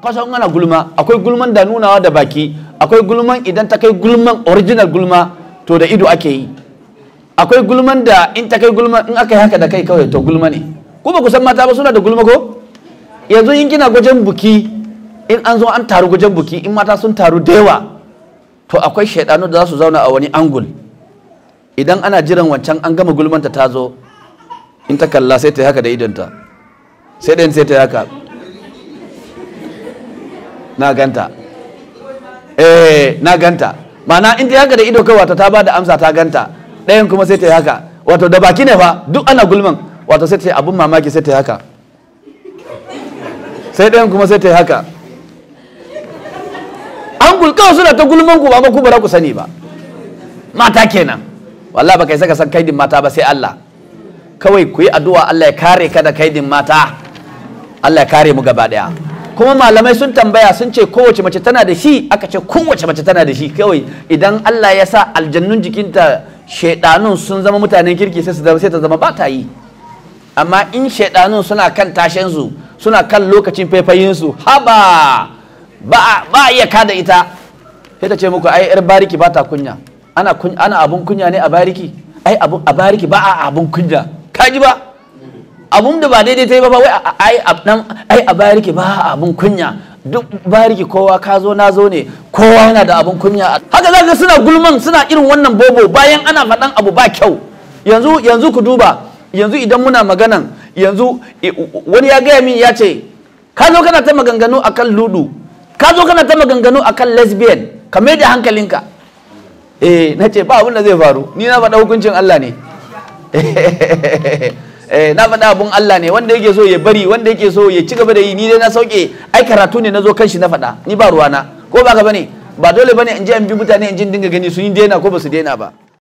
kasan ana gulma akwai gulman da nunawa da baki akwai gulman idan ta kai gulman original gulma to da ido ake yi akwai gulman da in ta kai gulman in aka yi haka da kai kawai to gulma ne ku ba ku san mata ba suna da gulma ko yanzu in kina gwajen buki in an zo an taru gwajen buki in mata sun taru da yawa to akwai shaidanu da za su zauna a wani angul idan ana jiran wancan an gama gulmanta ta zo in ta kalla sai ta yi haka da idonta sai ɗayan sai ta yi haka na ganta eh na ganta ma'ana in dai haka da ido kai wato ta ba da amsa ta ganta ɗayan kuma sai ta yi haka wato da baki ne fa duk ana gulman wato sai ta yi abin mamaki sai ta yi haka sai ɗayan kuma sai ta yi haka an gulka suna ta gulman ku ba ku bara ku sani ba mata kenan wallahi baka saka san kaidin mata ba sai Allah kawai ku yi addu'a Allah ya kare ka da kaidin mata Allah ya kare mu gaba daya kuma malamai sun tambaya sun ce kowace mace tana da shi aka ce kowace mace tana da shi kawai idan Allah ya sa aljannun jikinta shaidanun sun zama mutanen kirki sai sai ta zama ba ta yi amma in shaidanun suna kan tashensu, suna kan lokacin faifayinsu su haba ba ba iya kada ita sai ta ce muku ai yar bariki ba ta kunya ana abun kunya ne a bariki ai abun a bariki ba a abun kunya kaji ba abun da ba daidai ta yi ba wai ai ai a bariki ba abun kunya duk bariki kowa ka zo na zo ne kowa yana da abun kunya haka ka suna gulman suna irin wannan bobo bayan ana faɗan abu ba kyau yanzu yanzu ku duba yanzu idan muna maganan yanzu wani ya gaya min ya ce ka zo kana ta maganganu akan ludu ka zo kana ta maganganu akan lesbian ka mai da hankalinka eh na ce ba abin da zai faru ni na faɗa hukuncin Allah ne Eh, na faɗa abun Allah ne wanda yake so ya bari wanda yake so ya ci gaba da yi ni dai na sauke ai karatu ne na zo kanshi na faɗa ni ba ruwana ko ba ka bane ba dole bane in je in bi mutane in jin dinga gani su yi daina ko ba su daina ba